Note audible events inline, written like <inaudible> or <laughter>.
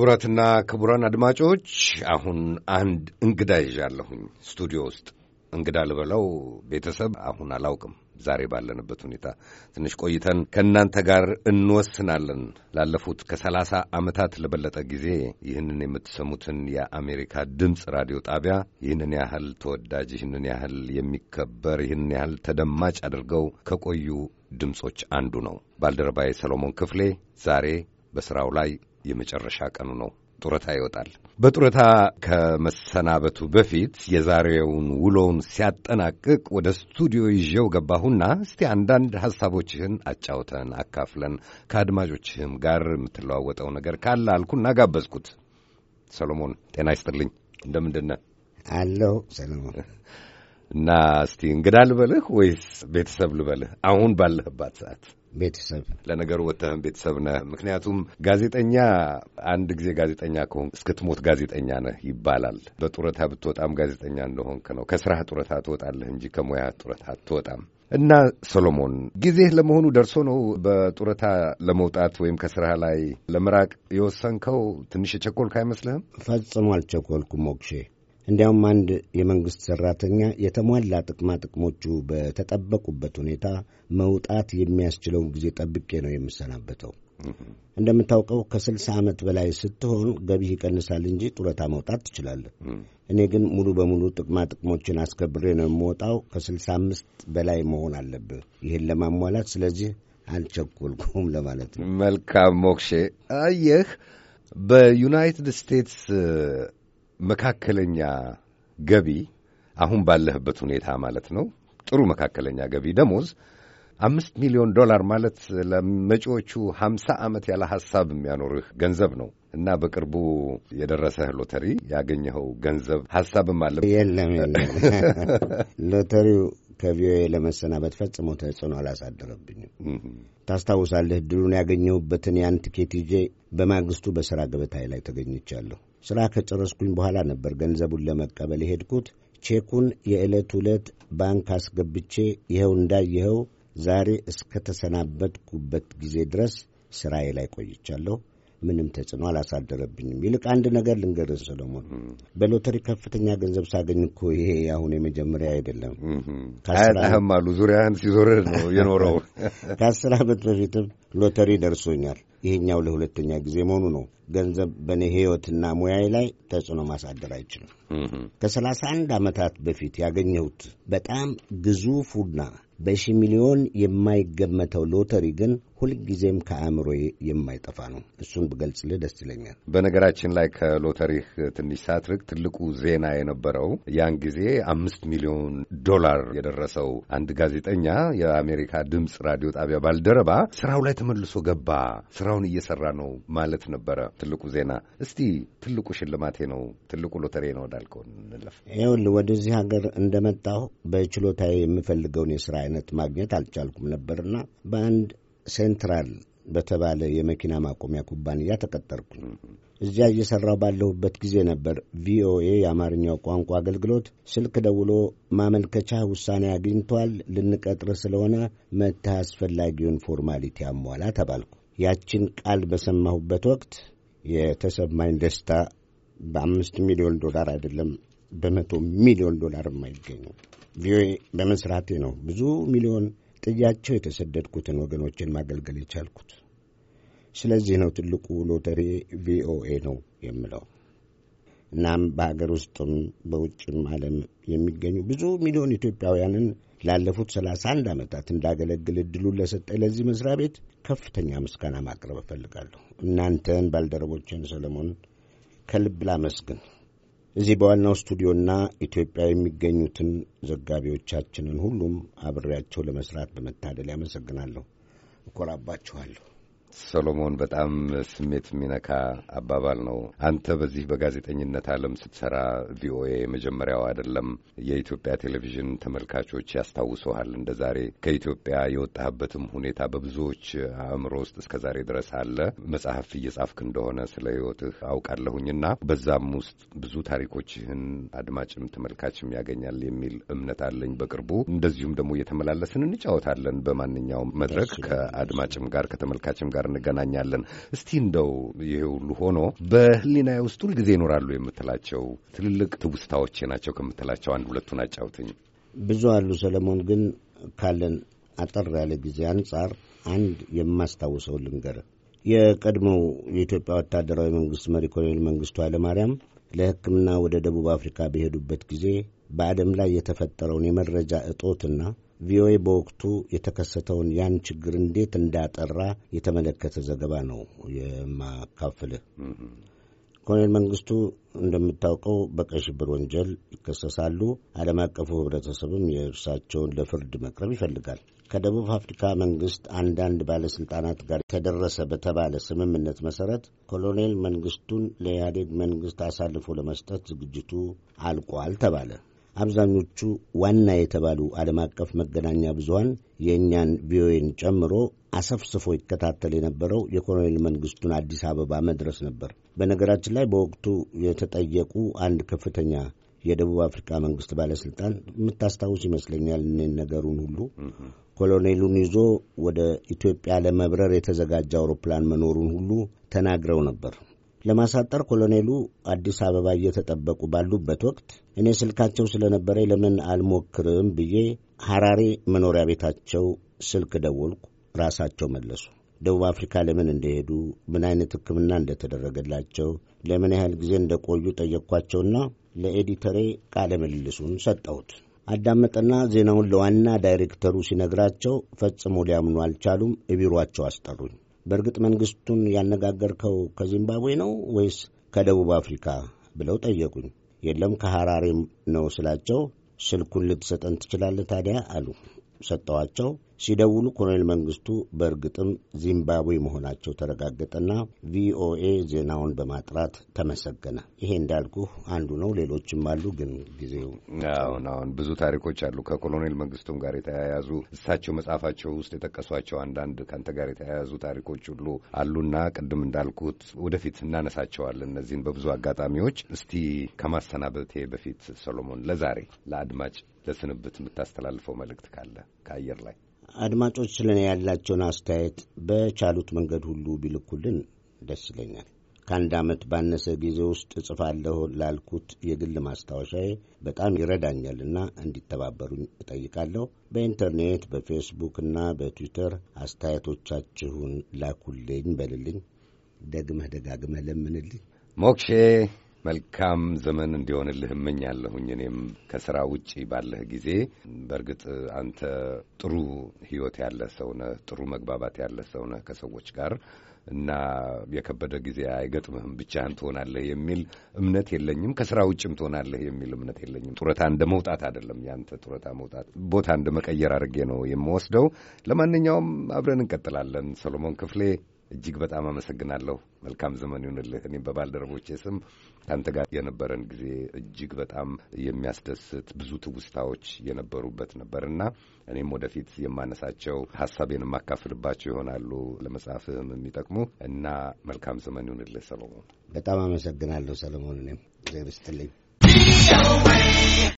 ክቡራትና ክቡራን አድማጮች አሁን አንድ እንግዳ ይዣለሁኝ ስቱዲዮ ውስጥ እንግዳ ልበለው ቤተሰብ አሁን አላውቅም። ዛሬ ባለንበት ሁኔታ ትንሽ ቆይተን ከእናንተ ጋር እንወስናለን። ላለፉት ከሰላሳ ዓመታት ለበለጠ ጊዜ ይህንን የምትሰሙትን የአሜሪካ ድምፅ ራዲዮ ጣቢያ ይህንን ያህል ተወዳጅ፣ ይህንን ያህል የሚከበር፣ ይህንን ያህል ተደማጭ አድርገው ከቆዩ ድምፆች አንዱ ነው። ባልደረባዬ ሰሎሞን ክፍሌ ዛሬ በሥራው ላይ የመጨረሻ ቀኑ ነው። ጡረታ ይወጣል። በጡረታ ከመሰናበቱ በፊት የዛሬውን ውሎውን ሲያጠናቅቅ ወደ ስቱዲዮ ይዤው ገባሁና እስቲ አንዳንድ ሐሳቦችህን አጫውተን አካፍለን ከአድማጮችህም ጋር የምትለዋወጠው ነገር ካለ አልኩና ጋበዝኩት። ሰሎሞን ጤና ይስጥልኝ፣ እንደምንድነ አለው ሰሎሞን። እና እስቲ እንግዳ ልበልህ ወይስ ቤተሰብ ልበልህ አሁን ባለህባት ሰዓት? ቤተሰብ ለነገሩ ወጥተህም ቤተሰብ ነህ። ምክንያቱም ጋዜጠኛ አንድ ጊዜ ጋዜጠኛ ከሆንክ እስክትሞት ጋዜጠኛ ነህ ይባላል። በጡረታ ብትወጣም ጋዜጠኛ እንደሆንክ ነው። ከስራህ ጡረታ ትወጣለህ እንጂ ከሙያ ጡረታ አትወጣም። እና ሰሎሞን ጊዜህ ለመሆኑ ደርሶ ነው በጡረታ ለመውጣት ወይም ከስራ ላይ ለመራቅ የወሰንከው? ትንሽ የቸኮልክ አይመስልህም? ፈጽሞ አልቸኮልኩም ሞክሼ እንዲያውም አንድ የመንግሥት ሠራተኛ የተሟላ ጥቅማ ጥቅሞቹ በተጠበቁበት ሁኔታ መውጣት የሚያስችለውን ጊዜ ጠብቄ ነው የምሰናበተው። እንደምታውቀው ከስልሳ ዓመት በላይ ስትሆን ገቢህ ይቀንሳል እንጂ ጡረታ መውጣት ትችላለህ። እኔ ግን ሙሉ በሙሉ ጥቅማ ጥቅሞችን አስከብሬ ነው የምወጣው። ከስልሳ አምስት በላይ መሆን አለብህ ይህን ለማሟላት። ስለዚህ አልቸኮልኩም <laughs> ለማለት ነው። መልካም ሞክሼ። አየህ በዩናይትድ ስቴትስ መካከለኛ ገቢ አሁን ባለህበት ሁኔታ ማለት ነው። ጥሩ መካከለኛ ገቢ ደሞዝ አምስት ሚሊዮን ዶላር ማለት ለመጪዎቹ ሀምሳ ዓመት ያለ ሀሳብ የሚያኖርህ ገንዘብ ነው እና በቅርቡ የደረሰህ ሎተሪ ያገኘኸው ገንዘብ ሀሳብም አለ? የለም የለም፣ <laughs> ሎተሪው ከቪኦኤ ለመሰናበት ፈጽሞ ተጽዕኖ አላሳደረብኝም። ታስታውሳለህ፣ ድሉን ያገኘሁበትን ያን ትኬት ይዤ በማግስቱ በሥራ ገበታዬ ላይ ተገኝቻለሁ። ሥራ ከጨረስኩኝ በኋላ ነበር ገንዘቡን ለመቀበል የሄድኩት። ቼኩን የዕለት ዕለት ባንክ አስገብቼ ይኸው እንዳየኸው ዛሬ እስከተሰናበትኩበት ጊዜ ድረስ ሥራዬ ላይ ቆይቻለሁ። ምንም ተጽዕኖ አላሳደረብኝም። ይልቅ አንድ ነገር ልንገርህ ሰለሞን፣ በሎተሪ ከፍተኛ ገንዘብ ሳገኝ እኮ ይሄ አሁን የመጀመሪያ አይደለም። አያጣህም አሉ ዙሪያህን ሲዞርህ ነው የኖረው። ከአስር ዓመት በፊትም ሎተሪ ደርሶኛል። ይህኛው ለሁለተኛ ጊዜ መሆኑ ነው። ገንዘብ በእኔ ሕይወትና ሙያዬ ላይ ተጽዕኖ ማሳደር አይችልም። ከሰላሳ አንድ ዓመታት በፊት ያገኘሁት በጣም ግዙፉና በሺ ሚሊዮን የማይገመተው ሎተሪ ግን ሁልጊዜም ከአእምሮዬ የማይጠፋ ነው። እሱን ብገልጽልህ ደስ ይለኛል። በነገራችን ላይ ከሎተሪህ ትንሽ ሳትርቅ ትልቁ ዜና የነበረው ያን ጊዜ አምስት ሚሊዮን ዶላር የደረሰው አንድ ጋዜጠኛ የአሜሪካ ድምፅ ራዲዮ ጣቢያ ባልደረባ ስራው ላይ ተመልሶ ገባ፣ ስራውን እየሰራ ነው ማለት ነበረ ትልቁ ዜና። እስቲ ትልቁ ሽልማቴ ነው ትልቁ ሎተሪ ነው ወዳልከው እንለፍ። ይኸውልህ ወደዚህ ሀገር እንደመጣሁ በችሎታዬ የምፈልገውን የስራ አይነት ማግኘት አልቻልኩም ነበርና በአንድ ሴንትራል በተባለ የመኪና ማቆሚያ ኩባንያ ተቀጠርኩ። እዚያ እየሠራው ባለሁበት ጊዜ ነበር ቪኦኤ የአማርኛው ቋንቋ አገልግሎት ስልክ ደውሎ ማመልከቻ ውሳኔ አግኝቷል፣ ልንቀጥር ስለሆነ መጥተህ አስፈላጊውን ፎርማሊቲ አሟላ ተባልኩ። ያችን ቃል በሰማሁበት ወቅት የተሰማኝ ደስታ በአምስት ሚሊዮን ዶላር አይደለም በመቶ ሚሊዮን ዶላር የማይገኙ ቪኦኤ በመስራቴ ነው። ብዙ ሚሊዮን ጥያቸው የተሰደድኩትን ወገኖችን ማገልገል የቻልኩት። ስለዚህ ነው ትልቁ ሎተሪ ቪኦኤ ነው የምለው። እናም በሀገር ውስጥም በውጭም ዓለም የሚገኙ ብዙ ሚሊዮን ኢትዮጵያውያንን ላለፉት 31 ዓመታት እንዳገለግል እድሉን ለሰጠ ለዚህ መስሪያ ቤት ከፍተኛ ምስጋና ማቅረብ እፈልጋለሁ። እናንተን ባልደረቦችን ሰለሞን ከልብ ላመስግን። እዚህ በዋናው ስቱዲዮና ኢትዮጵያ የሚገኙትን ዘጋቢዎቻችንን ሁሉም አብሬያቸው ለመስራት በመታደል ያመሰግናለሁ። እኮራባችኋለሁ። ሰሎሞን፣ በጣም ስሜት የሚነካ አባባል ነው። አንተ በዚህ በጋዜጠኝነት ዓለም ስትሰራ ቪኦኤ መጀመሪያው አይደለም። የኢትዮጵያ ቴሌቪዥን ተመልካቾች ያስታውሰሃል። እንደ ዛሬ ከኢትዮጵያ የወጣህበትም ሁኔታ በብዙዎች አእምሮ ውስጥ እስከ ዛሬ ድረስ አለ። መጽሐፍ እየጻፍክ እንደሆነ ስለ ህይወትህ አውቃለሁኝና በዛም ውስጥ ብዙ ታሪኮችህን አድማጭም ተመልካችም ያገኛል የሚል እምነት አለኝ። በቅርቡ እንደዚሁም ደግሞ እየተመላለስን እንጫወታለን በማንኛውም መድረክ ከአድማጭም ጋር ከተመልካችም ጋር ጋር እንገናኛለን። እስቲ እንደው ይሄ ሁሉ ሆኖ በህሊና ውስጥ ሁልጊዜ ይኖራሉ የምትላቸው ትልልቅ ትውስታዎቼ ናቸው ከምትላቸው አንድ ሁለቱን አጫውትኝ። ብዙ አሉ ሰለሞን፣ ግን ካለን አጠር ያለ ጊዜ አንጻር አንድ የማስታውሰው ልንገር። የቀድሞው የኢትዮጵያ ወታደራዊ መንግስት መሪ ኮሎኔል መንግስቱ ኃይለማርያም ለሕክምና ወደ ደቡብ አፍሪካ በሄዱበት ጊዜ በዓለም ላይ የተፈጠረውን የመረጃ እጦትና ቪኦኤ በወቅቱ የተከሰተውን ያን ችግር እንዴት እንዳጠራ የተመለከተ ዘገባ ነው የማካፍልህ። ኮሎኔል መንግስቱ እንደምታውቀው በቀይ ሽብር ወንጀል ይከሰሳሉ። ዓለም አቀፉ ህብረተሰብም የእርሳቸውን ለፍርድ መቅረብ ይፈልጋል። ከደቡብ አፍሪካ መንግስት አንዳንድ ባለስልጣናት ጋር ተደረሰ በተባለ ስምምነት መሰረት ኮሎኔል መንግስቱን ለኢህአዴግ መንግስት አሳልፎ ለመስጠት ዝግጅቱ አልቋል ተባለ። አብዛኞቹ ዋና የተባሉ ዓለም አቀፍ መገናኛ ብዙሃን የእኛን ቪኦኤን ጨምሮ አሰፍስፎ ይከታተል የነበረው የኮሎኔል መንግስቱን አዲስ አበባ መድረስ ነበር። በነገራችን ላይ በወቅቱ የተጠየቁ አንድ ከፍተኛ የደቡብ አፍሪካ መንግስት ባለስልጣን የምታስታውስ ይመስለኛል እኔን ነገሩን ሁሉ ኮሎኔሉን ይዞ ወደ ኢትዮጵያ ለመብረር የተዘጋጀ አውሮፕላን መኖሩን ሁሉ ተናግረው ነበር። ለማሳጠር ኮሎኔሉ አዲስ አበባ እየተጠበቁ ባሉበት ወቅት እኔ ስልካቸው ስለነበረ ለምን አልሞክርም ብዬ ሐራሬ መኖሪያ ቤታቸው ስልክ ደወልኩ። ራሳቸው መለሱ። ደቡብ አፍሪካ ለምን እንደሄዱ፣ ምን አይነት ሕክምና እንደተደረገላቸው፣ ለምን ያህል ጊዜ እንደቆዩ ጠየቅኳቸውና ለኤዲተሬ ቃለ ምልልሱን ሰጠሁት። አዳመጠና ዜናውን ለዋና ዳይሬክተሩ ሲነግራቸው ፈጽሞ ሊያምኑ አልቻሉም። እቢሯቸው አስጠሩኝ። በእርግጥ መንግስቱን ያነጋገርከው ከዚምባብዌ ነው ወይስ ከደቡብ አፍሪካ ብለው ጠየቁኝ። የለም ከሐራሬም ነው ስላቸው። ስልኩን ልትሰጠን ትችላለህ ታዲያ አሉ። ሰጠዋቸው። ሲደውሉ ኮሎኔል መንግስቱ በእርግጥም ዚምባብዌ መሆናቸው ተረጋገጠና ቪኦኤ ዜናውን በማጥራት ተመሰገነ። ይሄ እንዳልኩ አንዱ ነው። ሌሎችም አሉ፣ ግን ጊዜው አሁን አሁን ብዙ ታሪኮች አሉ ከኮሎኔል መንግስቱም ጋር የተያያዙ እሳቸው መጽሐፋቸው ውስጥ የጠቀሷቸው አንዳንድ ከአንተ ጋር የተያያዙ ታሪኮች ሁሉ አሉና ቅድም እንዳልኩት ወደፊት እናነሳቸዋለን እነዚህን በብዙ አጋጣሚዎች። እስቲ ከማሰናበቴ በፊት ሰሎሞን ለዛሬ ለአድማጭ ለስንብት የምታስተላልፈው መልእክት ካለ ከአየር ላይ አድማጮች ስለ እኔ ያላቸውን አስተያየት በቻሉት መንገድ ሁሉ ቢልኩልን ደስ ይለኛል። ከአንድ ዓመት ባነሰ ጊዜ ውስጥ እጽፋለሁ ላልኩት የግል ማስታወሻዬ በጣም ይረዳኛልና እንዲተባበሩኝ እጠይቃለሁ። በኢንተርኔት በፌስቡክ እና በትዊተር አስተያየቶቻችሁን ላኩልኝ በልልኝ። ደግመህ ደጋግመህ ለምንልኝ ሞክሼ መልካም ዘመን እንዲሆንልህ እመኛለሁኝ። እኔም ከስራ ውጪ ባለህ ጊዜ በእርግጥ አንተ ጥሩ ህይወት ያለ ሰው ነህ፣ ጥሩ መግባባት ያለ ሰው ነህ ከሰዎች ጋር እና የከበደ ጊዜ አይገጥምህም። ብቻህን ትሆናለህ የሚል እምነት የለኝም። ከስራ ውጭም ትሆናለህ የሚል እምነት የለኝም። ጡረታ እንደ መውጣት አይደለም። ያንተ ጡረታ መውጣት ቦታ እንደ መቀየር አድርጌ ነው የምወስደው። ለማንኛውም አብረን እንቀጥላለን። ሰሎሞን ክፍሌ እጅግ በጣም አመሰግናለሁ። መልካም ዘመን ይሁንልህ። እኔም በባልደረቦቼ ስም ከአንተ ጋር የነበረን ጊዜ እጅግ በጣም የሚያስደስት ብዙ ትውስታዎች የነበሩበት ነበር እኔም ወደፊት የማነሳቸው ሀሳቤን የማካፍልባቸው ይሆናሉ ለመጽሐፍህም የሚጠቅሙ እና መልካም ዘመን ይሁንልህ ሰለሞን። በጣም አመሰግናለሁ ሰለሞን። እኔም ጊዜ